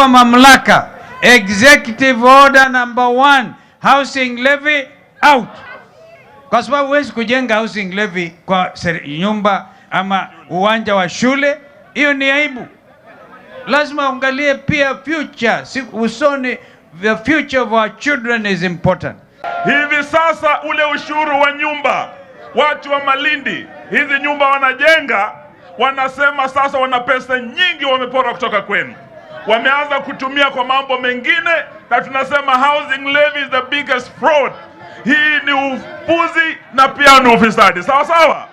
kwa mamlaka. Executive order number one, housing levy out, kwa sababu huwezi kujenga housing levy kwa nyumba ama uwanja wa shule. Hiyo ni aibu. Lazima uangalie pia future, si usoni. The future of our children is important. Hivi sasa ule ushuru wa nyumba, watu wa Malindi hizi nyumba wanajenga, wanasema sasa wana pesa nyingi wamepora kutoka kwenu wameanza kutumia kwa mambo mengine, na tunasema housing levy is the biggest fraud. Hii ni upuzi na pia ni ufisadi, sawa sawa.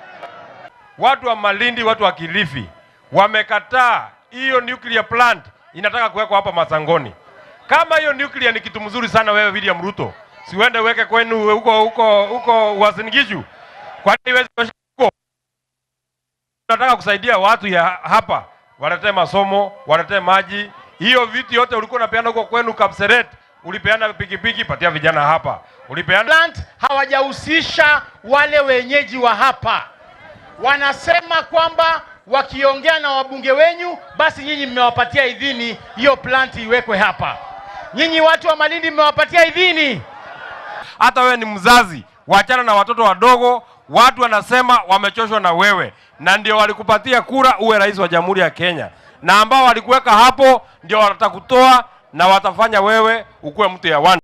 Watu wa Malindi, watu wa Kilifi wamekataa hiyo nuclear plant inataka kuwekwa hapa Masangoni. Kama hiyo nuclear ni kitu mzuri sana, wewe William Ruto, siuende uweke kwenu huko huko huko Uasin Gishu, kwani tunataka kusaidia watu ya hapa waletee masomo, waletee maji. Hiyo vitu yote ulikuwa unapeana huko kwenu Kapseret, ulipeana pikipiki, patia vijana hapa, ulipeana plant. Hawajahusisha wale wenyeji wa hapa, wanasema kwamba wakiongea na wabunge wenyu, basi nyinyi mmewapatia idhini hiyo plant iwekwe hapa. Nyinyi watu wa Malindi mmewapatia idhini. Hata wewe ni mzazi wachana na watoto wadogo. Watu wanasema wamechoshwa na wewe, na ndio walikupatia kura uwe rais wa Jamhuri ya Kenya, na ambao walikuweka hapo ndio watakutoa na watafanya wewe ukuwe mtu ya wana.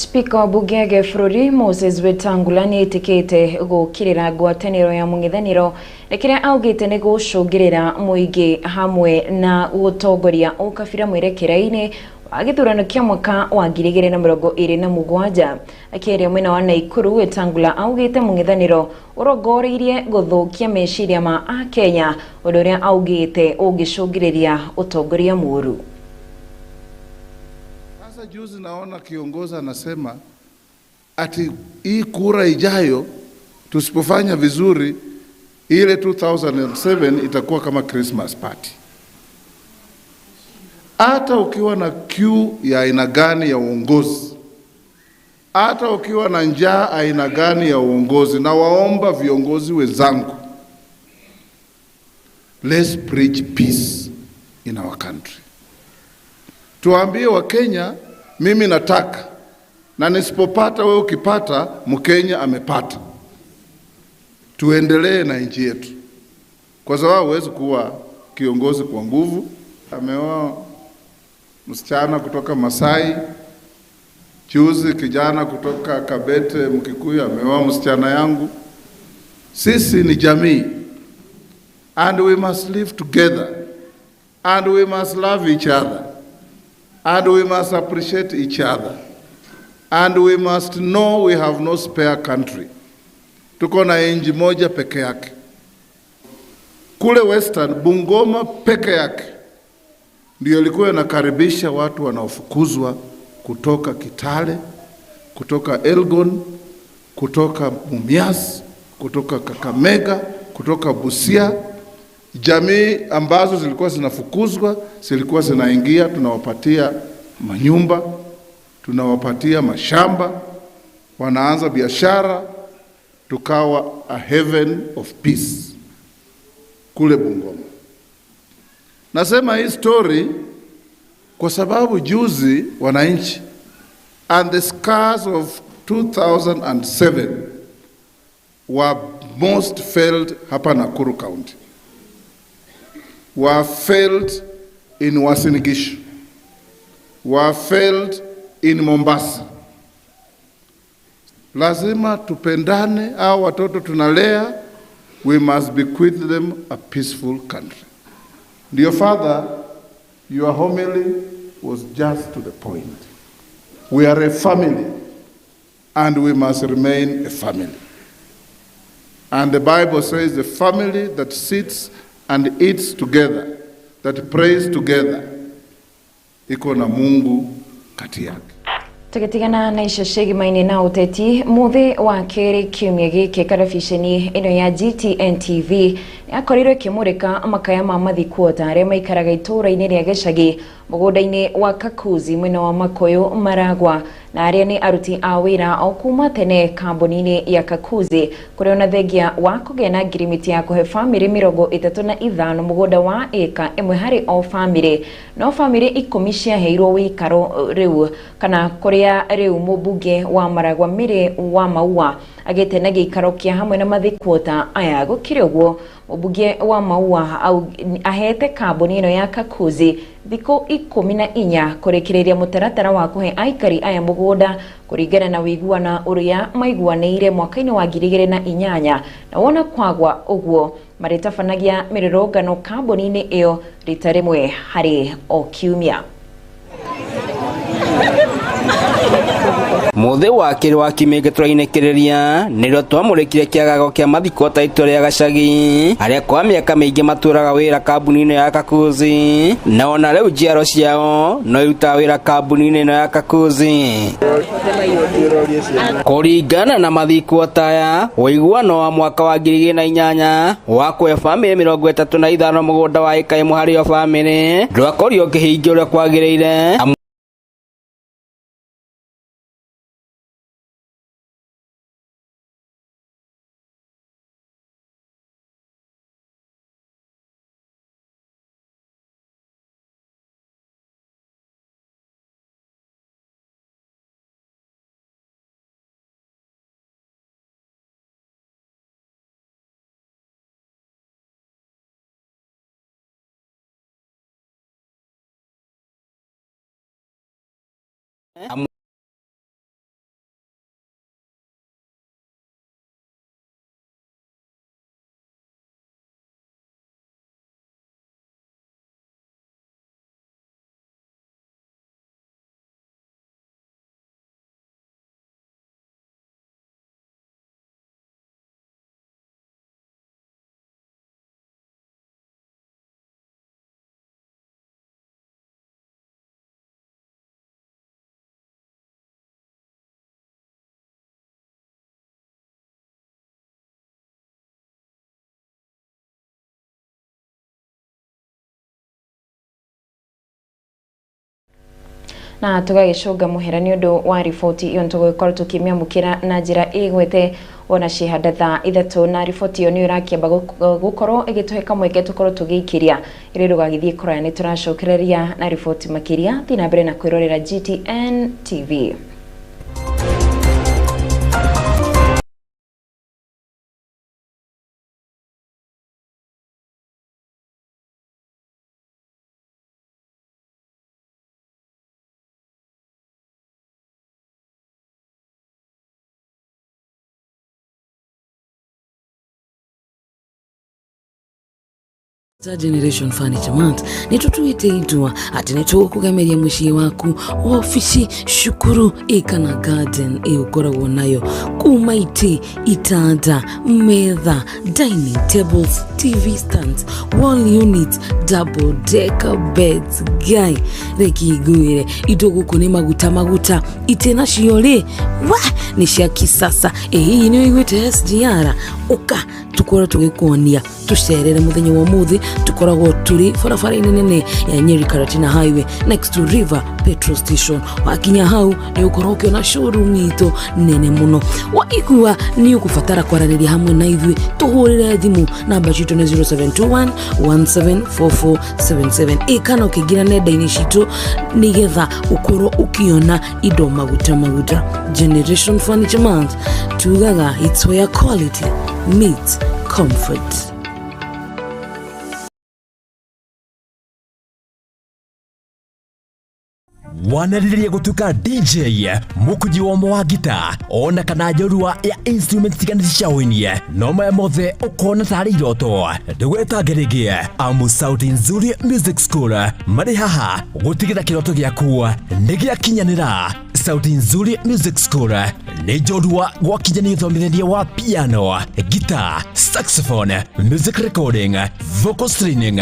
Spika wa bugege ya Moses Wetangula nä ä gukirira ngwataniro ya mũng'ethanĩro na ngä rä ra må ingä hamwe na gũtongoria ũkabira mwerekera-inĩ wa gĩthurano kĩa mwaka wa gä igĩrĩ na ä rä na mũgwanja akĩaria mwena wa naikuru wetangula rongoreirie mũng'ethanĩro thå kia meciria ma akenya rä ria å tongoria må ru sasa juzi naona kiongozi anasema ati hii kura ijayo tusipofanya vizuri ile 2007 itakuwa kama Christmas party. Hata ukiwa na kiu ya aina gani ya uongozi, hata ukiwa na njaa aina gani ya uongozi, na waomba viongozi wenzangu, let's bridge peace in our country, tuambie Wakenya mimi nataka, na nisipopata, wewe ukipata, Mkenya amepata. Tuendelee na nchi yetu, kwa sababu huwezi kuwa kiongozi kwa nguvu. Ameoa msichana kutoka Masai Juzi kijana kutoka Kabete Mkikuyu ameoa msichana yangu. Sisi ni jamii, and we must live together and we must love each other. And we must appreciate each other. And we must know we have no spare country. Tuko na inji moja peke yake. Kule Western Bungoma peke yake ndio ilikuwa inakaribisha watu wanaofukuzwa kutoka Kitale, kutoka Elgon, kutoka Mumias, kutoka Kakamega, kutoka Busia. Jamii ambazo zilikuwa zinafukuzwa zilikuwa zinaingia, tunawapatia manyumba, tunawapatia mashamba, wanaanza biashara, tukawa a heaven of peace kule Bungoma. Nasema hii story kwa sababu juzi wananchi and the scars of 2007 were most felt hapa Nakuru County wafeld in Uasin Gishu, wafeld in Mombasa. Lazima tupendane, au watoto tunalea, we must bequeath them a peaceful country. Dear father, your homily was just to the point. We are a family and we must remain a family. And the Bible says the family that sits and eats together, that prays together, iko na Mungu kati yake tũgĩtigana na icio cia gimainĩ na uteti muthi wa kerĩ kiumia gĩkĩ karabiceni ĩno ya gtn tv yakorirwo ĩkĩmũrĩka makaya ma mathikũ ota arĩa maikaraga itũũra-inĩ rĩa gĩcagi mũgũnda-inĩ wa kakuzi mwena wa makoyũ maragwa na aria ni aruti a wira o kuma tene kambuni-ini ya kakuzi kuria ona thengia wa na ngirimiti ya kuhe bamiri mirongo itatu na ithano mugunda wa ika imwe hari o bamiri no bamiri ikumi ciaheirwo wikaro uh, riu kana kuria riu mubunge wa maragwa miri wa maua agite na giikaro kia hamwe na mathikuota aya gukiri uguo Mũmbunge wa Maua ahete kambuni ĩno ya Kakuzi thikũ ikũmi na inya kũrĩkĩrĩria mũtaratara wa kũhe aikari aya mũgũnda kũringana na ũiguana ũrĩa maiguanĩire mwaka-inĩ wa ngiri igĩrĩ na inyanya na wona kwagwa ũguo marĩtabanagia mĩrũrũngano kambuni-inĩ ĩyo rita rĩmwe harĩ o kiumia muthi wa kiri wa kiumia gitũra-inĩ nĩrĩo twamũrĩkire kĩagago kĩa mathiko ta itua rĩa gacagi arĩa kwa mĩaka mĩingĩ maturaga wĩra kambuni ino ya kakuzi na ona rĩu njiaro ciao no irutaga wĩra kambuni-inĩ ĩno ya kakuzi kũringana na mathikwo taya ũiguano wa mwaka wa ngiri na inyanya wa kũhe bamĩrĩ mĩrongo ĩtatũ na ithano mũgũnda wa ĩka ĩmwe harĩ o bamĩrĩ ndwakorio ũkĩhingia ũrĩa kwagĩrĩire na tugagicunga muhera ni undu wa riboti iyo tugwikorwo tukimiamukira na njira igwete ona cihanda thaa ithatu na riboti iyo ni irakiamba gukorwo igituhe kamweke tukorwo tugiikiria iri ndugagithie kuraya ni turacokereria na riboti makiria thii na mbere na kwirorera GTN TV za generation furniture month nitutwite itwa ati nitugukugemeria mwishi waku ofici cukuru ikana garden e ukora kuma kumaiti itanda meza dining tables tv stands wall unit double decker beds guy reki iguire indo guku maguta maguta itena shiole ri nishia kisasa ĩhihi eh, nĩ ũiguĩte SGR ũka tũkorwo tũgĩkuonia tũcerere mũthenya wa ũmũthĩ tũkoragwo tũrĩ barabara-inĩ nene ya nyeri karatina highway next to river petrol station wakinya hau nĩ ũkorwo ũkĩona showroom itũ nene mũno waigua nĩ ũkũbatara kwaranĩria hamwe na ithuĩ tũhũrĩre thimũ namba citũ nĩ 0721174477 ĩ kana ũkĩingĩra nenda-inĩ citũ nĩgetha ũkorwo ũkĩona indo maguta maguta generation 10% for each month. it's where quality meets comfort. wanarĩrĩria gũtuĩka dj mukuji wa ũmwe wa ngita ona kana njorua ya instrument tigani cia ũini no maya mothe ũkona tari iroto ndũgetange rĩngĩ amu sauti nzuri music school marĩ haha gũtigĩra kĩroto gĩaku nĩ gĩakinyanĩra sauti nzuri music school ni njorua wa kijani thomithania wa piano guitar saxophone music recording vocal training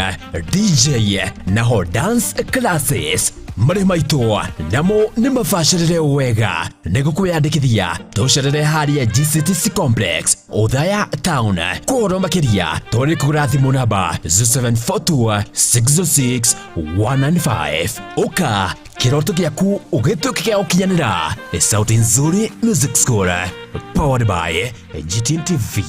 dj naho dance classes marä maitå namo nä mabacä wega nä gå kwä yandä kithia tå cerere harä gctc complex othaya town kå horo makä ria tå rä kå ra thimå namba 0742606195 å ka kä roto gä aku å gä tuä ke gä a gå kinyanä ra sauti nzuri music school powered by gtn tv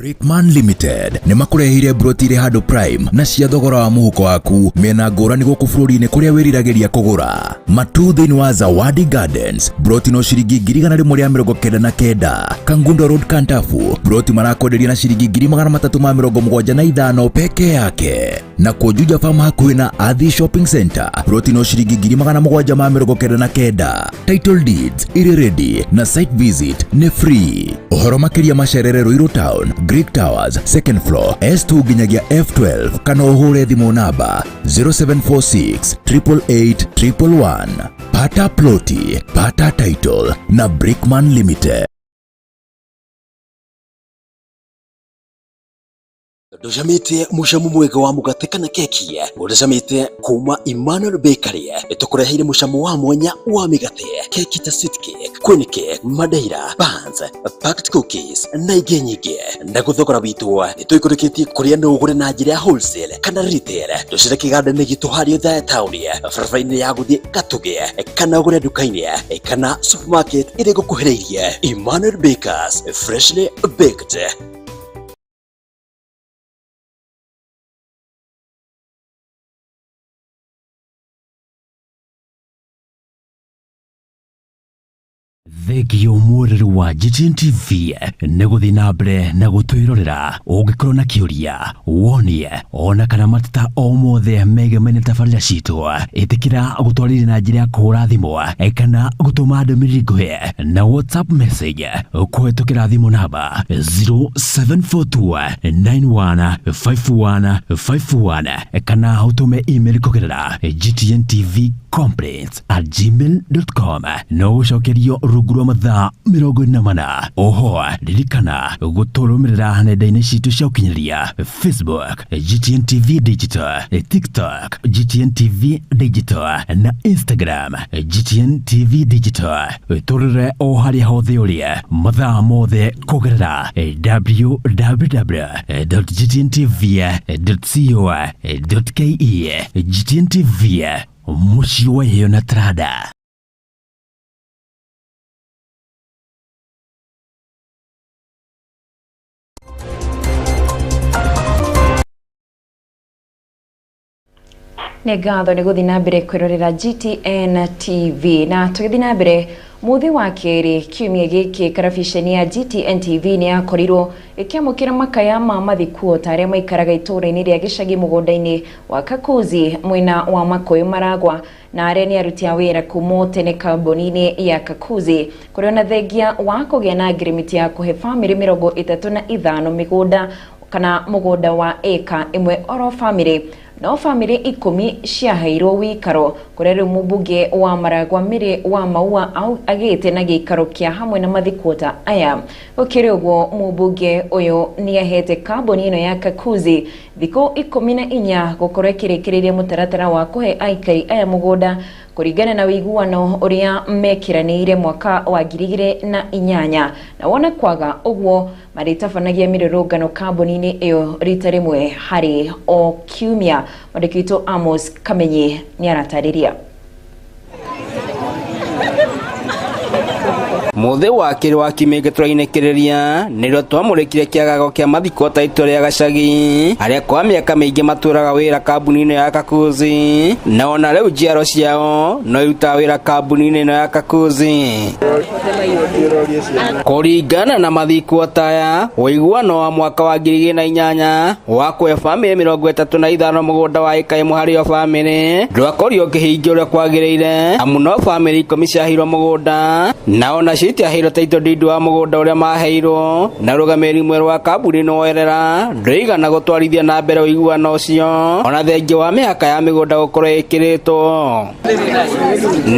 Rickman Limited nĩ makũrehire broti irĩ handũ prime na cia thogora wa mũhuko waku mĩena ngũrani gũkũ bũrũri-inĩ kũrĩa wĩriragĩria kũgũra matu thĩinĩ wa Zawadi Gardens broti no ciringi ngiri igana rĩmwe rĩa kenda na kenda Kangundo Road Kantafu broti marakwenderia na ciringi ngiri magana matatu ma mĩrongo mũgwanja na ithano peke yake na kũnjuja farm hakuhĩ na Athi Shopping Center broti no ciringi ngiri magana mũgwanja ma mĩrongo kenda na kenda title deeds irĩ ready na site visit nĩ free ũhoro makĩria macerere Ruiru Town Greek Towers second floor S2 ginyagia F12 kana uhure thimu namba 0746 888 pata ploti pata title na Brickman Limited. Dojamite mucamo mwega wa mugate kana keki Dojamite kuma Emmanuel Bakery itukureheire mucamo wa mwanya wa migate keki ta sweet cake queen cake madeira buns packed cookies na ingä nyingä na gå thogora witå nä tå ikå kå na njä ya wholesale kana retail tå cire kä ganda-inä gitå harä othe ya taåni barabara-inä ya gå thiä gatå kana å gå re nduka-inä kana supermarket ä rä gå kuhä rä irie emmanuel bakers freshly baked thengia umwirĩrĩ wa Gitine TV gå thiä na mbere na gå gũtwĩrorera ũngĩkorwo na kĩũria wonie ona kana mateta o mothe citå megemainie kä ra gå gũtwarĩria na njä ra ya ra thimå eh, kana gå tå ma gũtũma mä nguhĩ na WhatsApp message eh, ra thimå namba 0742 915151 eh, kana ũtũme email kũgerera gtntv complaints at gmail.com no ũcokerio rungu rwa mathaa mĩrongo ina mana oho ririkana gũtũrũmĩrĩra nenda-inĩ citũ cia ũkinyanĩria facebook gtn tv digital tiktok gtn tv digital na instagram gtn tv digital tũrĩre o harĩa hothe ũrĩ mathaa mothe kũgerera www.gtntv.co.ke gtn tv Mushiwa Yonatrada. nä ngatho nä gå thiä na mbere kwä GTN TV na tå gä thiä na mbere muthi wa keri kiumia giki karabiceni ya GTN TV ni yakorirwo ikiamukira makaya ma mathikuo ta ma maikaraga a inĩ rĩa gĩcagi mũgũnda-inĩ wa kakuzi mwena wa makũyũ maragwa na aria nĩ aruti a wĩra kumo tene ya kakuzi kũrĩa ona thengia wa kũgĩa na ngirimiti ya kũhe bamĩrĩ mĩrongo ĩtatũ na ithano kana mũgũnda wa ĩka ĩmwe oro bamĩrĩ no bamĩrĩ ikũmi ciaheirwo wĩikaro kũrĩa rĩu mũmbunge wa maragwa mĩrĩ wa maua agĩte na gĩikaro kĩa hamwe na mathikũta aya gũkĩrĩ ũguo mũmbunge ũyũ nĩahete kambuni ĩno ya kakuzi thikũ ikũmi na inya gũkorwo ĩkĩrĩkĩrĩria mũtaratara wa kũhe aikari aya mũgũnda kuringana na wiguano uria mekiranire mwaka wa ngiri na inyanya na wona kwaga uguo maritabanagia mirurungano kambuni-ini iyo rita rimwe hari o kiumia mwandĩki witũ amos kamenyi ni aratariria muthi wa kiri wa kiumia gitũra-inĩ nĩrĩo twamũrĩkire kĩagago kĩa mathiko ta itua rĩa gacagi arĩa kwa mĩaka mĩingĩ maturaga wĩra kambuni ino ya kakuzi na ona rĩu njiaro ciao no irutaga wĩra kambuni-inĩ ĩno ya kakuzi kũringana na mathikwo taya ũiguano wa mwaka wa ngiri igĩrĩ na inyanya wa kũhe bamĩrĩ mĩrongo ĩtatũ na ithano mũgũnda wa ĩka ĩmwe harĩ o bamĩrĩ ndwakorirwo ũkĩhingia ũrĩa kwagĩrĩire amu no bamĩrĩ ikũmi ciahirwo mũgũnda na ona icio itiaheirwo taito ndindu wa mũgũnda ũrĩa maheirwo na rũgamĩrĩri mwerũ wa kambuni noerera ndũigana gũtwarithia na mbere ũiguano ũcio ona thengia wa mĩhaka ya mĩgũnda gũkorwo ĩkĩrĩtwo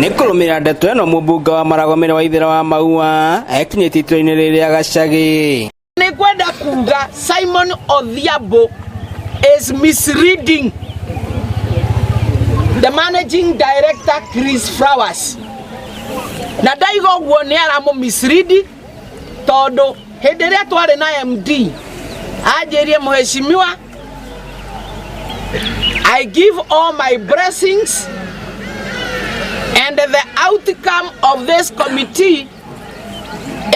nĩ kũrũmĩrĩra ndeto ĩno mũmbunge wa maragomĩre wa ithĩra wa maua ekinyĩte itũra-inĩ rĩrĩa gacagi nĩ kwenda kuga simon odhiambo is misleading the managing director chris flowers na ndaiga guo ni hä ndä ä rä a twarä na MD anjirie muheshimiwa I give all my blessings and the outcome of this committee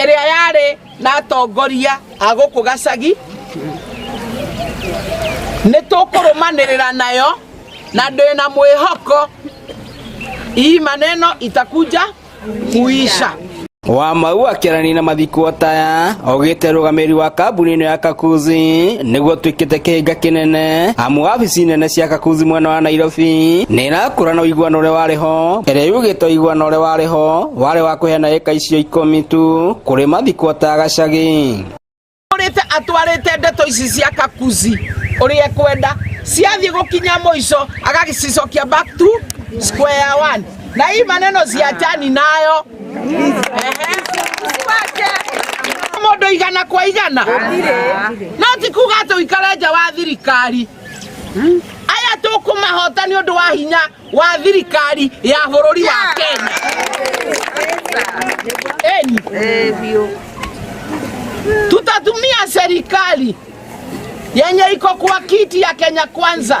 iria yari na atongoria a kå gacagi rä ra nayo na hoko mwihoko ii maneno itakuja kuisha Wamau akĩarania na mathikwata augĩte rũgamĩrĩri wa kambuni ĩno ya Kakuzi nĩguo tuĩkĩte kĩhĩnga kĩnene amu wabici nene cia Kakuzi mwena wa Nairobi nĩ ĩrakũra na ũiguano ũrĩa warĩ ho ĩrĩa yugĩte ũiguano ũrĩa warĩ ho warĩ wa kũheana ĩka icio ikũmi tu kũrĩ mathikwata Gachagi ũrĩte atwarĩte ndeto ici cia Kakuzi ũrĩa ekwenda ciathiĩ gũkinya mũico agagĩcicokia back to square one na hii maneno ziachani nayo mundu igana kwa igana no tikuga kuga ati uikare nja wa thirikari aya tukumahota ni undu wa hinya wa thirikari ya bururi wa Kenya eni eh, tutatumia serikali yenye iko kwa kiti ya Kenya Kwanza.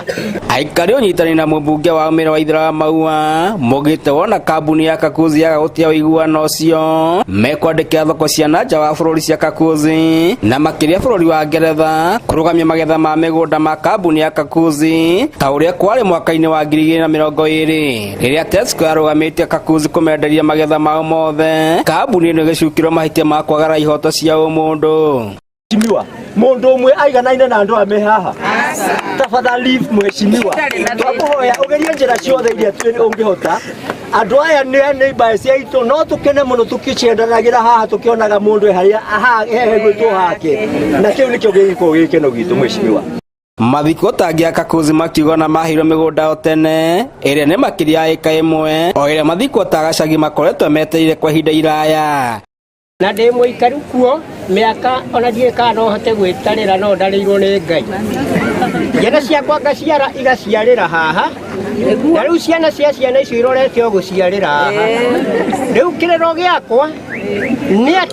Aikari unyitani na mubunge wa umira wa ithira wa maua mugite wona kambuni ya kakuzi ya gutia na ucio mekwandika thoko cia na nja wa bururi cia kakuzi na makiria bururi wa Ngeretha kurugamia magetha ma migunda ma kambuni ya kakuzi ta uria kwari mwaka-ini wa ngiri igiri na mirongo iri riria Tesco yarugamite kakuzi kumenderia magetha mao mothe kambuni ino igicukirwo mahitia ma kwagara ihoto cia umundu mheshimiwa mundu umwe aiganaine na andu ame haha tafathali mheshimiwa twakuhoya ugerie njira ciothe iria ungihota andu aya nĩ mbae cia itũ no tũkene mũno tũkĩciendanagĩra haha tũkĩonaga mũndũ harĩa hehegwĩtwo hake na kĩu nĩkĩo gĩgĩkorwo gĩkeno gitũ mwĩcimiwa mathiko tangia kakuzi makiuga na mahirwo migunda o tene ĩrĩa nĩ makĩria ya ĩka ĩmwe o ĩrĩa mathiko tagacagi makoretwo metereire kwa ihinda iraya na må ikaru kuo aka ona ndiä kana no hote ra no irwo nä ngai ciana ciakwa ngaciara ra haha na u ciana cia ciana icio irorete o ra haha rĩu kĩrĩro gĩakwa nĩ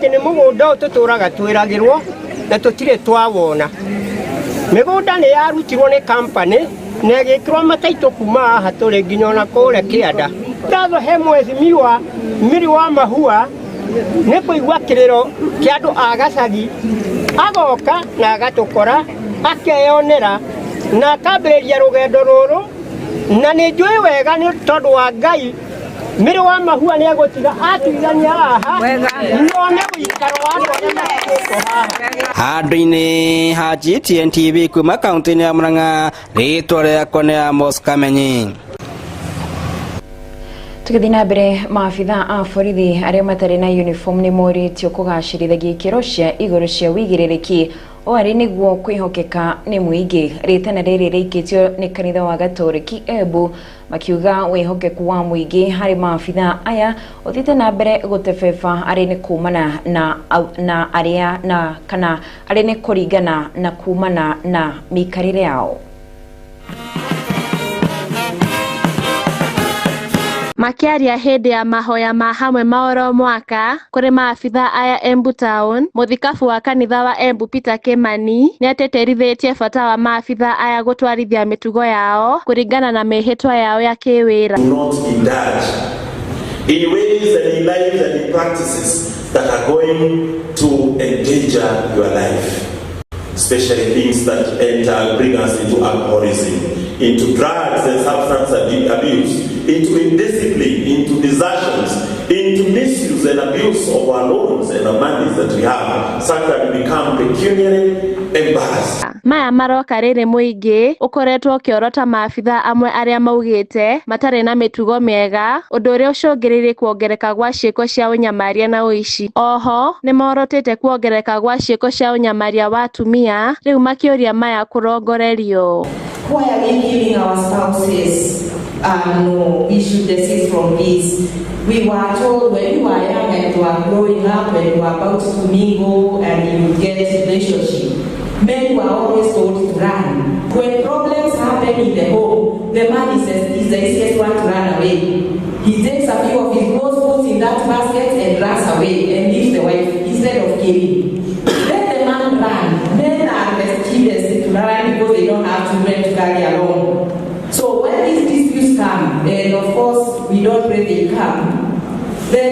tå tå raga twä ragä rwo na tũtirĩ twawona nda nä yarutirwo nĩ kampani na rwo mataitũ kuma haha rä nginya ona kä anda ngatho he mä miri wa mahua nä kå igua kä rä ro kä andå agacagi agoka na agatå kora akeyonera na akambä rä ria rå gendo rå rå na nä njå ä wega nä tondå wa ngai mä rä wa mahua nä agå tiga atuithania haha none å ikaro wa andå arä a makä handå-inä ha gtntv kuma kauntä-inä ya må rang'a rä twa rä akwa nä ya mos kamenyi tũgĩthiĩ na mbere maabitha a borithi arĩa matarĩ na uniform nĩ morĩtio kũgacĩrithagia ikĩro cia igũrũ cia wĩigĩrĩrĩki o arĩ nĩguo kwĩhokeka nĩ mũingĩ rĩtana rĩrĩ rĩikĩtio nĩ kanitha wa gatoreki ebu makiuga wĩhokeku wa mũingĩ harĩ maabitha aya ũthiĩte na mbere gũtebeba arĩ nĩ kumana na, na arĩa na kana arĩ nĩ kũringana na kumana na mĩikarĩre yao makiaria hĩndĩ ya mahoya ma hamwe ma oro mwaka kũrĩ maabithaa aya Embu Town, mũthikabu wa kanitha wa Embu Peter Kimani nĩatĩtĩrithĩtie bata wa maabithaa aya gũtwarithia mĩtugo yao kuringana na mĩĩhĩtwa yao ya kĩwĩra in ways and in life and in practices that are going to endanger your life, especially things that enter, bring us into alcoholism, into drugs and substance abuse, into indiscipline, into desertions, into misuse and abuse of our loans and the money that we have, such that we become pecuniary embarrassed. Maya maroka rĩrĩ mũingĩ ũkoretwo ũkĩorota maabitha amwe arĩa maugĩte matarĩ na mĩtugo mĩega ũndũ ũrĩa ũcũngĩrĩirie kuongereka gwa ciĩko cia ũnyamaria na ũici oho nĩ morotete kuongereka gwa ciĩko cia ũnyamaria wa atumia rĩu makĩũria maya kũrongorerio Why are we giving our spouses um, no, we should desist from this. We were told when you are young and you are growing up and you are about to mingle and you get relationship, men were always told to run. When problems happen in the home, the man is, is the easiest one to run away. He takes a few of his clothes, puts in that basket and runs away and leaves the wife instead of killing.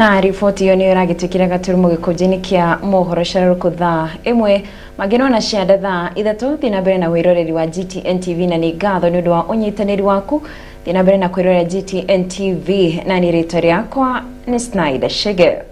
na riboti iyo niyo iragituikire gaturumo gikunji-ini kia mohoro ciraruku thaa imwe mageno na cianda thaa ithatu thii na mbere na wiroreri wa GTN TV na ni ngatho ni undu wa unyitaniri waku thii na mbere na kwirorera GTN TV na ni ritwa riakwa ni Snyder Shege